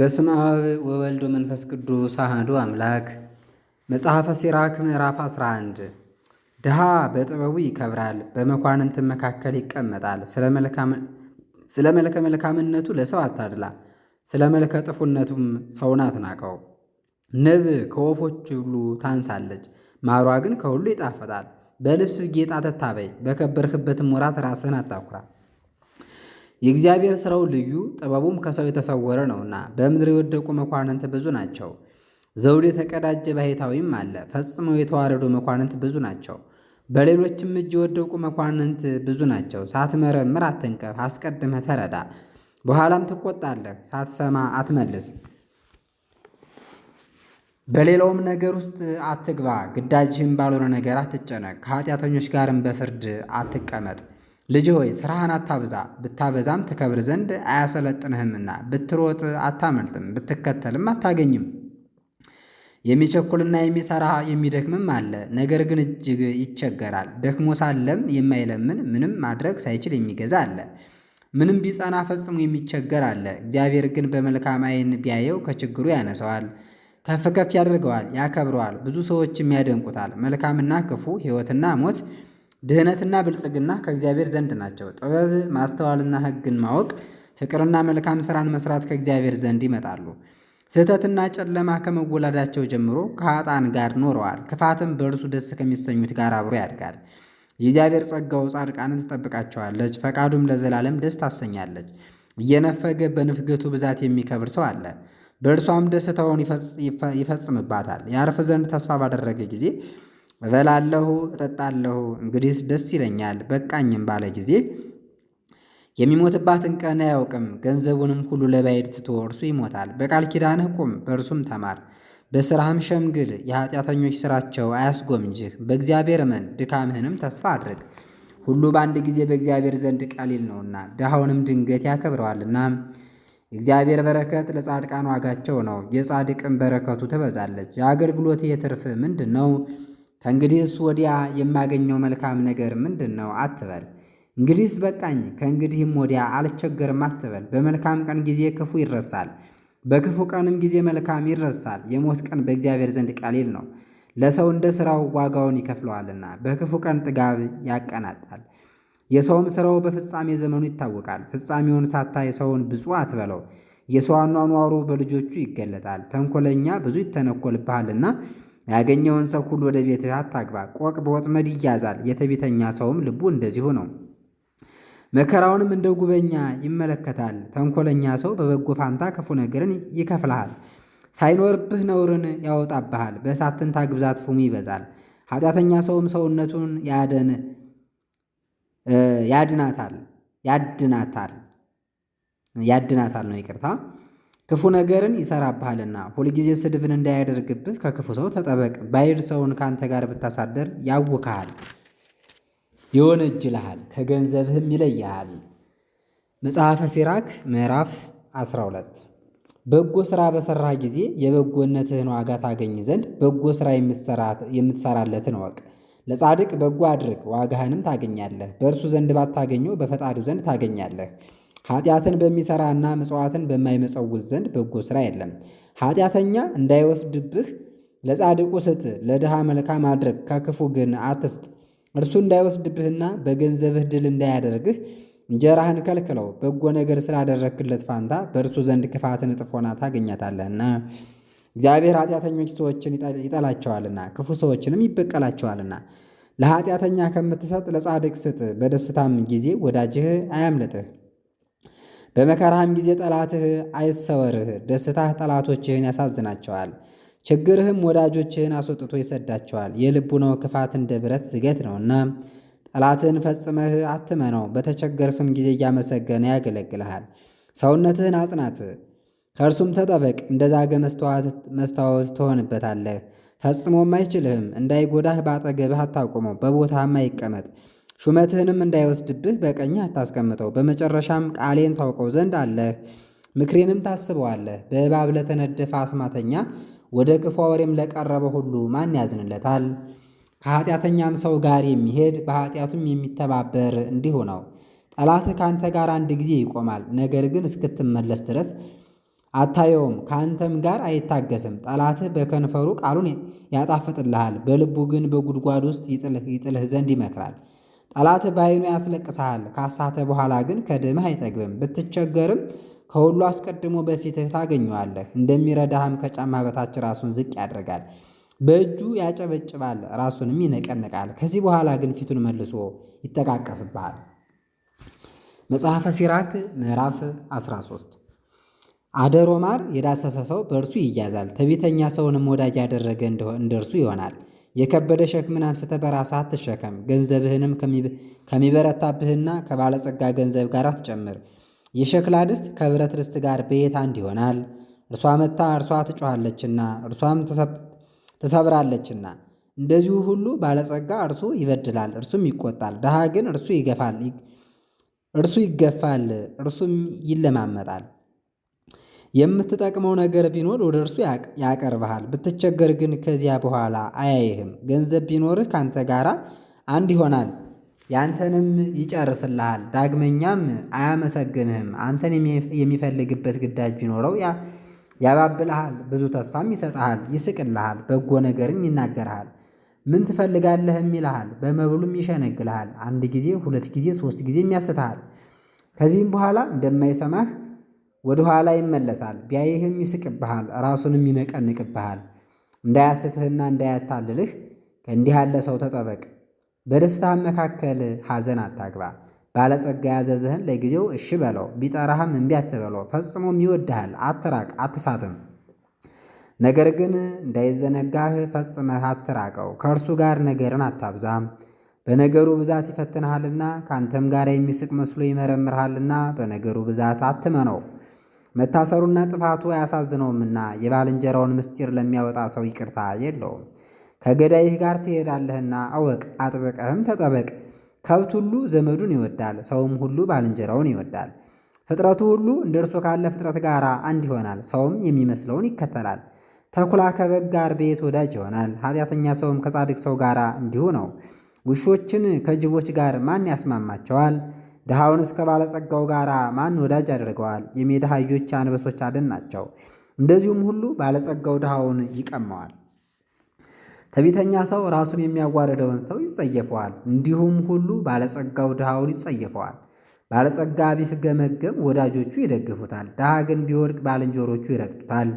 በስመ አብ ወወልድ ወመንፈስ ቅዱስ አህዱ አምላክ። መጽሐፈ ሲራክ ምዕራፍ 11 ድሃ በጥበቡ ይከብራል፣ በመኳንንት መካከል ይቀመጣል። ስለ መልከ መልካምነቱ ለሰው አታድላ፣ ስለ መልከ ጥፉነቱም ሰውን አትናቀው። ንብ ከወፎች ሁሉ ታንሳለች፣ ማሯ ግን ከሁሉ ይጣፍጣል። በልብስ ጌጥ አትታበይ፣ በከበርክበትም ወራት ራስህን አታኩራ። የእግዚአብሔር ሥራው ልዩ ጥበቡም ከሰው የተሰወረ ነውና በምድር የወደቁ መኳንንት ብዙ ናቸው። ዘውድ የተቀዳጀ ባሕታዊም አለ። ፈጽመው የተዋረዱ መኳንንት ብዙ ናቸው። በሌሎችም እጅ የወደቁ መኳንንት ብዙ ናቸው። ሳትመረምር አትንቀፍ፣ አስቀድመ ተረዳ፣ በኋላም ትቆጣለህ። ሳትሰማ አትመልስ፣ በሌላውም ነገር ውስጥ አትግባ። ግዳጅህም ባልሆነ ነገር አትጨነቅ፣ ከኃጢአተኞች ጋርም በፍርድ አትቀመጥ። ልጅ ሆይ ስራህን አታብዛ፣ ብታበዛም ትከብር ዘንድ አያሰለጥንህምና፣ ብትሮጥ አታመልጥም፣ ብትከተልም አታገኝም። የሚቸኩልና የሚሰራ የሚደክምም አለ፣ ነገር ግን እጅግ ይቸገራል። ደክሞ ሳለም የማይለምን ምንም ማድረግ ሳይችል የሚገዛ አለ። ምንም ቢጸና ፈጽሞ የሚቸገር አለ። እግዚአብሔር ግን በመልካም ዓይን ቢያየው ከችግሩ ያነሰዋል፣ ከፍ ከፍ ያደርገዋል፣ ያከብረዋል። ብዙ ሰዎችም ያደንቁታል። መልካምና ክፉ ሕይወትና ሞት ድህነትና ብልጽግና ከእግዚአብሔር ዘንድ ናቸው። ጥበብ ማስተዋልና ሕግን ማወቅ ፍቅርና መልካም ስራን መስራት ከእግዚአብሔር ዘንድ ይመጣሉ። ስህተትና ጨለማ ከመወላዳቸው ጀምሮ ከኃጥአን ጋር ኖረዋል። ክፋትም በእርሱ ደስ ከሚሰኙት ጋር አብሮ ያድጋል። የእግዚአብሔር ጸጋው ጻድቃንን ትጠብቃቸዋለች፣ ፈቃዱም ለዘላለም ደስ ታሰኛለች። እየነፈገ በንፍገቱ ብዛት የሚከብር ሰው አለ፣ በእርሷም ደስታውን ይፈጽምባታል። ያርፍ ዘንድ ተስፋ ባደረገ ጊዜ እበላለሁ እጠጣለሁ እንግዲህስ ደስ ይለኛል በቃኝም ባለ ጊዜ የሚሞትባትን ቀን አያውቅም። ገንዘቡንም ሁሉ ለባዕድ ትቶ እርሱ ይሞታል። በቃል ኪዳንህ ቁም፣ በእርሱም ተማር፣ በሥራህም ሸምግል። የኃጢአተኞች ሥራቸው አያስጎምጅህ። በእግዚአብሔር እመን፣ ድካምህንም ተስፋ አድርግ። ሁሉ በአንድ ጊዜ በእግዚአብሔር ዘንድ ቀሊል ነውና ድሃውንም ድንገት ያከብረዋልና። እግዚአብሔር በረከት ለጻድቃን ዋጋቸው ነው፣ የጻድቅን በረከቱ ትበዛለች። የአገልግሎት የትርፍ ምንድን ነው? ከእንግዲህስ ወዲያ የማገኘው መልካም ነገር ምንድን ነው አትበል። እንግዲህስ በቃኝ፣ ከእንግዲህም ወዲያ አልቸገርም አትበል። በመልካም ቀን ጊዜ ክፉ ይረሳል፣ በክፉ ቀንም ጊዜ መልካም ይረሳል። የሞት ቀን በእግዚአብሔር ዘንድ ቀሊል ነው። ለሰው እንደ ሥራው ዋጋውን ይከፍለዋልና፣ በክፉ ቀን ጥጋብ ያቀናጣል። የሰውም ሥራው በፍጻሜ ዘመኑ ይታወቃል። ፍጻሜውን ሳታይ ሰውን ብፁዕ አትበለው። የሰው አኗኗሩ በልጆቹ ይገለጣል። ተንኮለኛ ብዙ ይተነኮልብሃልና ያገኘውን ሰው ሁሉ ወደ ቤት አታግባ። ቆቅ በወጥመድ ይያዛል፣ የተቤተኛ ሰውም ልቡ እንደዚሁ ነው። መከራውንም እንደ ጉበኛ ይመለከታል። ተንኮለኛ ሰው በበጎ ፋንታ ክፉ ነገርን ይከፍልሃል፣ ሳይኖርብህ ነውርን ያወጣብሃል። በእሳት ታግብዛት ፉሙ ይበዛል። ኃጢአተኛ ሰውም ሰውነቱን ያደን ያድናታል ያድናታል ያድናታል ነው ይቅርታ ክፉ ነገርን ይሰራብሃልና ሁልጊዜ ስድብን እንዳያደርግብህ ከክፉ ሰው ተጠበቅ። ባይድ ሰውን ከአንተ ጋር ብታሳደር ያውካሃል፣ ይወነጅልሃል፣ ከገንዘብህም ይለይሃል። መጽሐፈ ሲራክ ምዕራፍ 12 በጎ ሥራ በሠራህ ጊዜ የበጎነትህን ዋጋ ታገኝ ዘንድ በጎ ሥራ የምትሠራለትን እወቅ። ለጻድቅ በጎ አድርግ፣ ዋጋህንም ታገኛለህ። በእርሱ ዘንድ ባታገኘው በፈጣሪው ዘንድ ታገኛለህ። ኃጢአትን በሚሠራና ምጽዋትን በማይመጸውት ዘንድ በጎ ሥራ የለም። ኃጢአተኛ እንዳይወስድብህ ለጻድቁ ስጥ፣ ለድሃ መልካም አድረግ፣ ከክፉ ግን አትስጥ። እርሱ እንዳይወስድብህና በገንዘብህ ድል እንዳያደርግህ እንጀራህን ከልክለው። በጎ ነገር ስላደረግክለት ፋንታ በእርሱ ዘንድ ክፋትን እጥፎና ሆና ታገኛታለህና። እግዚአብሔር ኃጢአተኞች ሰዎችን ይጠላቸዋልና ክፉ ሰዎችንም ይበቀላቸዋልና። ለኃጢአተኛ ከምትሰጥ ለጻድቅ ስጥ፣ በደስታም ጊዜ ወዳጅህ አያምልጥህ። በመከራህም ጊዜ ጠላትህ አይሰወርህ። ደስታህ ጠላቶችህን ያሳዝናቸዋል፣ ችግርህም ወዳጆችህን አስወጥቶ ይሰዳቸዋል። የልቡናው ክፋት እንደ ብረት ዝገት ነውና ጠላትህን ፈጽመህ አትመነው። በተቸገርህም ጊዜ እያመሰገነ ያገለግልሃል። ሰውነትህን አጽናት፣ ከእርሱም ተጠበቅ። እንደ ዛገ መስታወት ትሆንበታለህ፣ ፈጽሞም አይችልህም። እንዳይጎዳህ በአጠገብህ አታቁመው፣ በቦታህም አይቀመጥ። ሹመትህንም እንዳይወስድብህ በቀኝ አታስቀምጠው። በመጨረሻም ቃሌን ታውቀው ዘንድ አለህ፣ ምክሬንም ታስበዋለህ። በእባብ ለተነደፈ አስማተኛ፣ ወደ ክፉ ወሬም ለቀረበ ሁሉ ማን ያዝንለታል? ከኃጢአተኛም ሰው ጋር የሚሄድ በኃጢአቱም የሚተባበር እንዲሁ ነው። ጠላትህ ከአንተ ጋር አንድ ጊዜ ይቆማል፣ ነገር ግን እስክትመለስ ድረስ አታየውም። ከአንተም ጋር አይታገስም። ጠላትህ በከንፈሩ ቃሉን ያጣፍጥልሃል፣ በልቡ ግን በጉድጓድ ውስጥ ይጥልህ ዘንድ ይመክራል። ጠላት በዓይኑ ያስለቅሳል። ካሳተ በኋላ ግን ከደምህ አይጠግብም። ብትቸገርም ከሁሉ አስቀድሞ በፊትህ ታገኘዋለህ። እንደሚረዳህም ከጫማ በታች ራሱን ዝቅ ያደርጋል። በእጁ ያጨበጭባል፣ ራሱንም ይነቀንቃል። ከዚህ በኋላ ግን ፊቱን መልሶ ይጠቃቀስብሃል። መጽሐፈ ሲራክ ምዕራፍ 13 አደሮ ማር የዳሰሰ ሰው በእርሱ ይያዛል። ትዕቢተኛ ሰውንም ወዳጅ ያደረገ እንደ እርሱ ይሆናል። የከበደ ሸክምን አንስተ በራስህ አትሸከም። ገንዘብህንም ከሚበረታብህና ከባለጸጋ ገንዘብ ጋር አትጨምር። የሸክላ ድስት ከብረት ድስት ጋር በየት አንድ ይሆናል? እርሷ መታ እርሷ ትጮኋለችና እርሷም ተሰብራለችና። እንደዚሁ ሁሉ ባለጸጋ እርሱ ይበድላል፣ እርሱም ይቆጣል። ድሃ ግን እርሱ ይገፋል፣ እርሱ ይገፋል፣ እርሱም ይለማመጣል። የምትጠቅመው ነገር ቢኖር ወደ እርሱ ያቀርብሃል። ብትቸገር ግን ከዚያ በኋላ አያይህም። ገንዘብ ቢኖርህ ካንተ ጋር አንድ ይሆናል፣ ያንተንም ይጨርስልሃል። ዳግመኛም አያመሰግንህም። አንተን የሚፈልግበት ግዳጅ ቢኖረው ያባብልሃል፣ ብዙ ተስፋም ይሰጥሃል፣ ይስቅልሃል፣ በጎ ነገርም ይናገርሃል። ምን ትፈልጋለህም ይልሃል፣ በመብሉም ይሸነግልሃል። አንድ ጊዜ ሁለት ጊዜ ሶስት ጊዜም ያስትሃል። ከዚህም በኋላ እንደማይሰማህ ወደ ኋላ ይመለሳል። ቢያይህም ይስቅብሃል፣ ራሱንም ይነቀንቅብሃል። እንዳያስትህና እንዳያታልልህ ከእንዲህ ያለ ሰው ተጠበቅ። በደስታ መካከል ሐዘን አታግባ። ባለጸጋ ያዘዝህን ለጊዜው እሺ በለው፣ ቢጠራህም እምቢ አትበለው። ፈጽሞም ይወድሃል፣ አትራቅ፣ አትሳትም። ነገር ግን እንዳይዘነጋህ ፈጽመህ አትራቀው። ከእርሱ ጋር ነገርን አታብዛም፣ በነገሩ ብዛት ይፈትንሃልና፣ ከአንተም ጋር የሚስቅ መስሎ ይመረምርሃልና፣ በነገሩ ብዛት አትመነው። መታሰሩና ጥፋቱ አያሳዝነውምና የባልንጀራውን ምስጢር ለሚያወጣ ሰው ይቅርታ የለውም። ከገዳይህ ጋር ትሄዳለህና አወቅ፣ አጥብቀህም ተጠበቅ። ከብት ሁሉ ዘመዱን ይወዳል፣ ሰውም ሁሉ ባልንጀራውን ይወዳል። ፍጥረቱ ሁሉ እንደ እርሱ ካለ ፍጥረት ጋር አንድ ይሆናል፣ ሰውም የሚመስለውን ይከተላል። ተኩላ ከበግ ጋር ቤት ወዳጅ ይሆናል፣ ኃጢአተኛ ሰውም ከጻድቅ ሰው ጋር እንዲሁ ነው። ውሾችን ከጅቦች ጋር ማን ያስማማቸዋል? ድሃውን እስከ ባለጸጋው ጋር ማን ወዳጅ አድርገዋል የሜዳ አህዮች አንበሶች አደን ናቸው። እንደዚሁም ሁሉ ባለጸጋው ድሃውን ይቀማዋል። ትዕቢተኛ ሰው ራሱን የሚያዋርደውን ሰው ይጸየፈዋል። እንዲሁም ሁሉ ባለጸጋው ድሃውን ይጸየፈዋል። ባለጸጋ ቢፍገመገም ወዳጆቹ ይደግፉታል፣ ድሃ ግን ቢወድቅ ባልንጀሮቹ ይረግጡታል።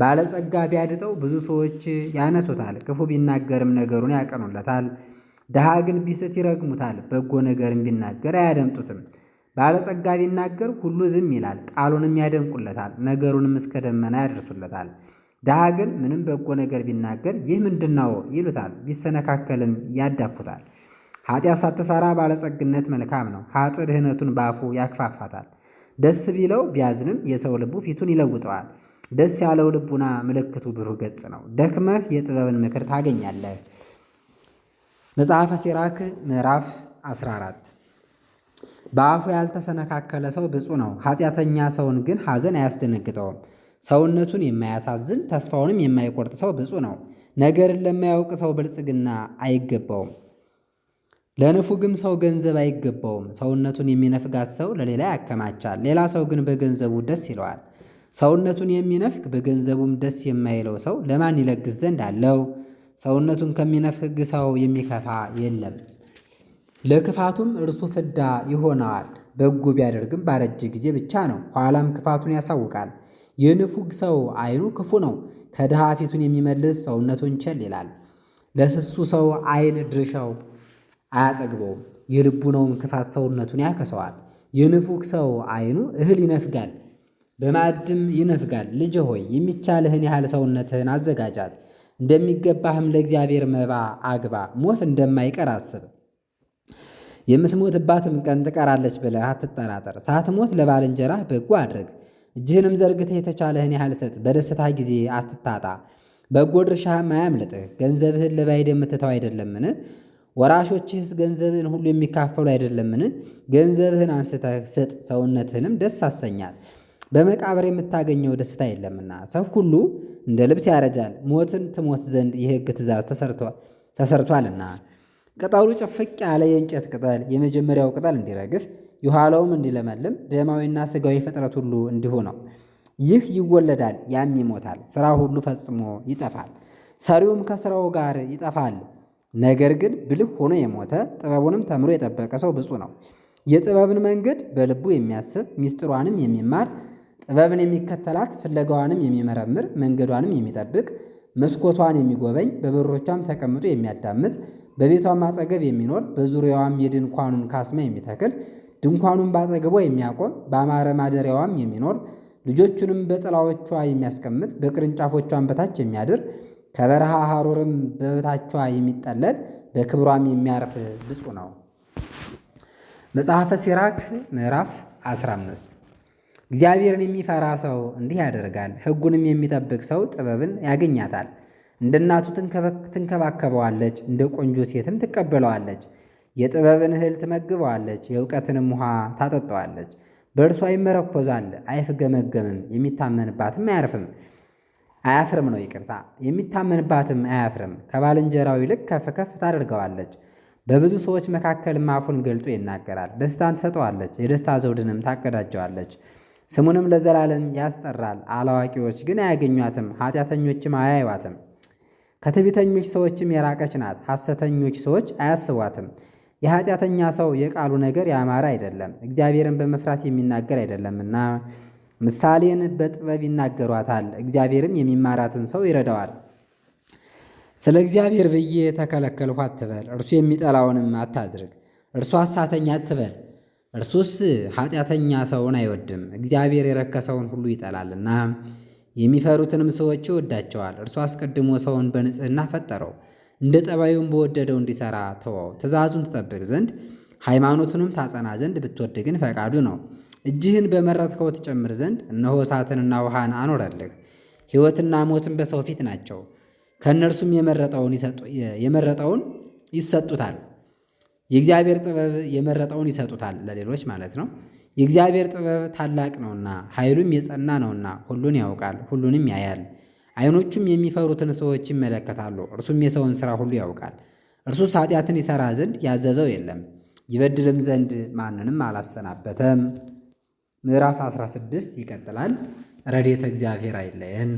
ባለጸጋ ቢያድጠው ብዙ ሰዎች ያነሱታል፣ ክፉ ቢናገርም ነገሩን ያቀኑለታል። ድሃ ግን ቢስት ይረግሙታል፣ በጎ ነገርም ቢናገር አያደምጡትም። ባለጸጋ ቢናገር ሁሉ ዝም ይላል፣ ቃሉንም ያደንቁለታል፣ ነገሩንም እስከ ደመና ያደርሱለታል። ድሃ ግን ምንም በጎ ነገር ቢናገር ይህ ምንድነው ይሉታል፣ ቢሰነካከልም ያዳፉታል። ኃጢአት ሳትሰራ ባለጸግነት መልካም ነው፣ ሀጥ ድህነቱን በአፉ ያክፋፋታል። ደስ ቢለው ቢያዝንም የሰው ልቡ ፊቱን ይለውጠዋል። ደስ ያለው ልቡና ምልክቱ ብሩህ ገጽ ነው። ደክመህ የጥበብን ምክር ታገኛለህ። መጽሐፈ ሲራክ ምዕራፍ 14 በአፉ ያልተሰነካከለ ሰው ብፁ ነው፣ ኃጢአተኛ ሰውን ግን ሐዘን አያስደነግጠውም። ሰውነቱን የማያሳዝን ተስፋውንም የማይቆርጥ ሰው ብፁ ነው። ነገርን ለማያውቅ ሰው ብልጽግና አይገባውም፣ ለንፉግም ሰው ገንዘብ አይገባውም። ሰውነቱን የሚነፍጋት ሰው ለሌላ ያከማቻል፣ ሌላ ሰው ግን በገንዘቡ ደስ ይለዋል። ሰውነቱን የሚነፍግ በገንዘቡም ደስ የማይለው ሰው ለማን ይለግስ ዘንድ አለው? ሰውነቱን ከሚነፍግሰው የሚከፋ የለም። ለክፋቱም እርሱ ፍዳ ይሆነዋል። በጎ ቢያደርግም ባረጀ ጊዜ ብቻ ነው፣ ኋላም ክፋቱን ያሳውቃል። የንፉግ ሰው ዓይኑ ክፉ ነው። ከድሃ ፊቱን የሚመልስ ሰውነቱን ቸል ይላል። ለስሱ ሰው ዓይን ድርሻው አያጠግበውም፣ የልቡናውም ክፋት ሰውነቱን ያከሰዋል። የንፉግ ሰው ዓይኑ እህል ይነፍጋል፣ በማዕድም ይነፍጋል። ልጅ ሆይ የሚቻልህን ያህል ሰውነትህን አዘጋጃት። እንደሚገባህም ለእግዚአብሔር መባ አግባ፣ ሞት እንደማይቀር አስብ። የምትሞትባትም ቀን ትቀራለች ብለህ አትጠራጠር። ሳትሞት ለባልንጀራህ በጎ አድርግ። እጅህንም ዘርግተህ የተቻለህን ያህል ሰጥ። በደስታ ጊዜ አትታጣ፣ በጎ ድርሻህም አያምልጥህ። ገንዘብህን ለባይድ የምትተው አይደለምን? ወራሾችህስ ገንዘብህን ሁሉ የሚካፈሉ አይደለምን? ገንዘብህን አንስተህ ስጥ፣ ሰውነትህንም ደስ አሰኛል። በመቃብር የምታገኘው ደስታ የለምና ሰው ሁሉ እንደ ልብስ ያረጃል፣ ሞትን ትሞት ዘንድ የሕግ ትእዛዝ ተሰርቷልና። ቅጠሉ ጭፍቅ ያለ የእንጨት ቅጠል የመጀመሪያው ቅጠል እንዲረግፍ የኋላውም እንዲለመልም ደማዊና ስጋዊ ፍጥረት ሁሉ እንዲሁ ነው። ይህ ይወለዳል፣ ያም ይሞታል። ስራ ሁሉ ፈጽሞ ይጠፋል፣ ሰሪውም ከስራው ጋር ይጠፋል። ነገር ግን ብልህ ሆኖ የሞተ ጥበቡንም ተምሮ የጠበቀ ሰው ብፁ ነው። የጥበብን መንገድ በልቡ የሚያስብ ሚስጢሯንም የሚማር ጥበብን የሚከተላት ፍለጋዋንም የሚመረምር መንገዷንም የሚጠብቅ መስኮቷን የሚጎበኝ በበሮቿም ተቀምጦ የሚያዳምጥ በቤቷም አጠገብ የሚኖር በዙሪያዋም የድንኳኑን ካስማ የሚተክል ድንኳኑን ባጠገቧ የሚያቆም በአማረ ማደሪያዋም የሚኖር ልጆቹንም በጥላዎቿ የሚያስቀምጥ በቅርንጫፎቿም በታች የሚያድር ከበረሃ ሐሩርም በበታቿ የሚጠለል በክብሯም የሚያርፍ ብፁ ነው። መጽሐፈ ሲራክ ምዕራፍ 15 እግዚአብሔርን የሚፈራ ሰው እንዲህ ያደርጋል፣ ሕጉንም የሚጠብቅ ሰው ጥበብን ያገኛታል። እንደ እናቱ ትንከባከበዋለች፣ እንደ ቆንጆ ሴትም ትቀበለዋለች። የጥበብን እህል ትመግበዋለች፣ የእውቀትንም ውሃ ታጠጠዋለች። በእርሷ ይመረኮዛል፣ አይፍገመገምም፣ የሚታመንባትም አያርፍም አያፍርም ነው ይቅርታ። የሚታመንባትም አያፍርም። ከባልንጀራው ይልቅ ከፍ ከፍ ታደርገዋለች። በብዙ ሰዎች መካከልም አፉን ገልጦ ይናገራል። ደስታን ትሰጠዋለች፣ የደስታ ዘውድንም ታቀዳጀዋለች። ስሙንም ለዘላለም ያስጠራል። አላዋቂዎች ግን አያገኟትም፣ ኃጢአተኞችም አያይዋትም። ከትቢተኞች ሰዎችም የራቀች ናት፣ ሐሰተኞች ሰዎች አያስቧትም። የኃጢአተኛ ሰው የቃሉ ነገር ያማረ አይደለም፣ እግዚአብሔርን በመፍራት የሚናገር አይደለምና። ምሳሌን በጥበብ ይናገሯታል፣ እግዚአብሔርም የሚማራትን ሰው ይረዳዋል። ስለ እግዚአብሔር ብዬ ተከለከልሁ አትበል፣ እርሱ የሚጠላውንም አታድርግ፣ እርሱ አሳተኛ አትበል። እርሱስ ኃጢአተኛ ሰውን አይወድም፣ እግዚአብሔር የረከሰውን ሁሉ ይጠላልና የሚፈሩትንም ሰዎች ይወዳቸዋል። እርሱ አስቀድሞ ሰውን በንጽህና ፈጠረው፣ እንደ ጠባዩም በወደደው እንዲሠራ ተወው። ትእዛዙን ትጠብቅ ዘንድ ሃይማኖቱንም ታጸና ዘንድ ብትወድ ግን ፈቃዱ ነው። እጅህን በመረጥከው ትጨምር ዘንድ እነሆ እሳትንና ውሃን አኖረልህ። ሕይወትና ሞትን በሰው ፊት ናቸው፣ ከእነርሱም የመረጠውን ይሰጡታል። የእግዚአብሔር ጥበብ የመረጠውን ይሰጡታል፣ ለሌሎች ማለት ነው። የእግዚአብሔር ጥበብ ታላቅ ነውና ኃይሉም የጸና ነውና ሁሉን ያውቃል፣ ሁሉንም ያያል። ዓይኖቹም የሚፈሩትን ሰዎች ይመለከታሉ። እርሱም የሰውን ሥራ ሁሉ ያውቃል። እርሱ ኃጢአትን ይሠራ ዘንድ ያዘዘው የለም፣ ይበድልም ዘንድ ማንንም አላሰናበተም። ምዕራፍ 16 ይቀጥላል። ረድኤተ እግዚአብሔር አይለየን።